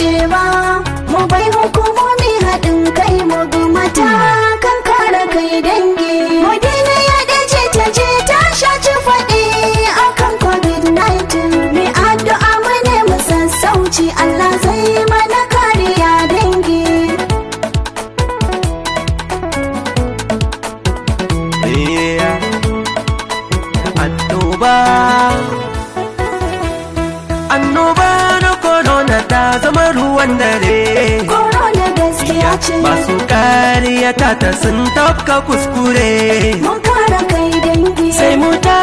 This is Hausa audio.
cewa mu bai hukumomi haɗin kai mu bi kan kare kai dangi mu ya yaɗa ce ta je ta shaci faɗi akan covid-19 mai addu'a mu ne mu sassauci Allah zai mana kariya dangi Annoba annoba na corona ta zama ruwan dare korona gaskiya ce masu kariya ta ta sun tafka kuskure mun kare